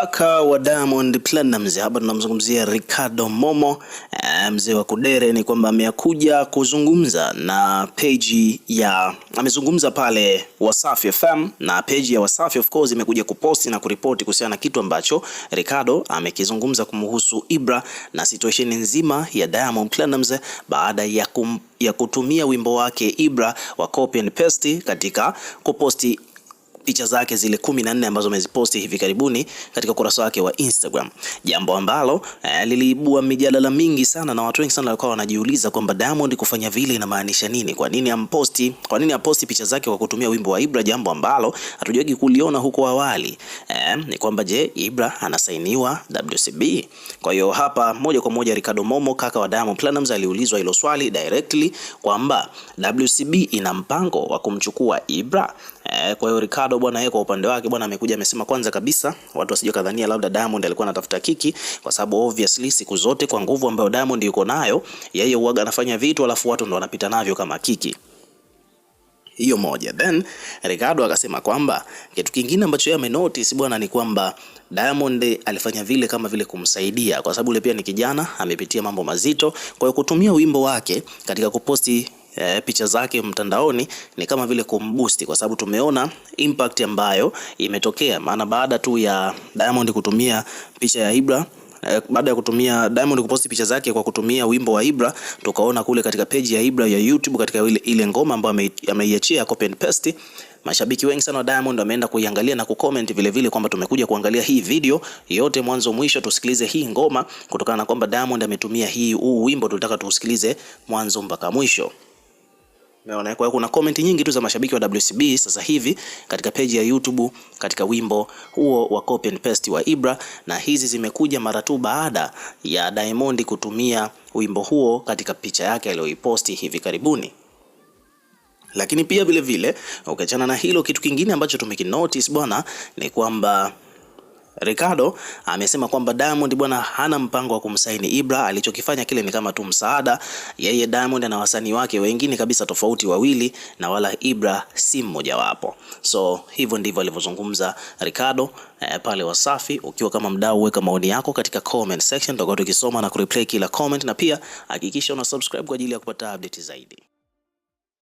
Kaka wa Diamond Platnumz hapa tunamzungumzia Ricardo Momo eh, mzee wa Kudere. Ni kwamba amekuja kuzungumza na page ya, amezungumza pale Wasafi FM na page ya Wasafi of course imekuja kuposti na kuripoti kuhusiana na kitu ambacho Ricardo amekizungumza kumhusu Ibra na situation nzima ya Diamond Platnumz baada ya, kum, ya kutumia wimbo wake Ibra wa copy and paste katika kuposti picha zake zile kumi na nne ambazo ameziposti hivi karibuni katika ukurasa wake wa Instagram, jambo ambalo eh, liliibua mijadala mingi sana, na watu wengi sana walikuwa wanajiuliza kwamba Diamond kufanya vile inamaanisha nini? Kwa nini amposti, kwa nini aposti picha zake kwa kutumia wimbo wa Ibra, jambo ambalo hatujawahi kuliona huko awali. Eh, ni kwamba je, Ibra anasainiwa WCB? Kwa hiyo hapa moja kwa moja Ricardo Momo kaka wa Diamond Platnumz aliulizwa hilo swali directly kwamba WCB ina mpango wa kumchukua Ibra E, kwa hiyo Ricardo bwana yeye kwa upande wake bwana amekuja amesema, kwanza kabisa watu wasije kadhania labda Diamond alikuwa anatafuta kiki, kwa sababu obviously siku zote kwa nguvu ambayo Diamond yuko nayo yeye huaga anafanya vitu alafu watu ndo wanapita navyo kama kiki. Hiyo moja. Then Ricardo akasema kwamba kitu kingine ambacho yeye amenotice bwana ni kwamba Diamond alifanya vile kama vile kumsaidia, kwa sababu yule pia ni kijana amepitia mambo mazito, kwa hiyo kutumia wimbo wake katika kuposti e, picha zake mtandaoni ni kama vile kumboost, kwa sababu tumeona impact ambayo imetokea. Maana baada tu ya Diamond kutumia picha ya Ibra eh, baada ya kutumia Diamond kuposti picha zake kwa kutumia wimbo wa Ibra, tukaona kule katika page ya Ibra ya YouTube katika ile, ile ngoma ambayo ameiachia copy and paste, mashabiki wengi sana wa Diamond wameenda kuiangalia na kucomment vile vile kwamba tumekuja kuangalia hii video yote mwanzo mwisho, tusikilize hii ngoma, kutokana na kwamba Diamond ametumia hii huu wimbo, tunataka tusikilize mwanzo mpaka mwisho. Umeona, kwa kuna comment nyingi tu za mashabiki wa WCB sasa hivi katika peji ya YouTube katika wimbo huo wa copy and paste wa Ibra, na hizi zimekuja mara tu baada ya Diamond kutumia wimbo huo katika picha yake aliyoiposti hivi karibuni. Lakini pia vilevile ukiachana na hilo kitu kingine ambacho tumekinotice bwana ni kwamba Ricardo amesema kwamba Diamond bwana hana mpango wa kumsaini Ibra. Alichokifanya kile ni kama tu msaada. Yeye Diamond ana wasanii wake wengine kabisa tofauti wawili, na wala Ibra si mmojawapo. So hivyo ndivyo alivyozungumza Ricardo eh, pale Wasafi. Ukiwa kama mdau, weka maoni yako katika comment section, tutakuwa tukisoma na kureplay kila comment, na pia hakikisha una subscribe kwa ajili ya kupata update zaidi.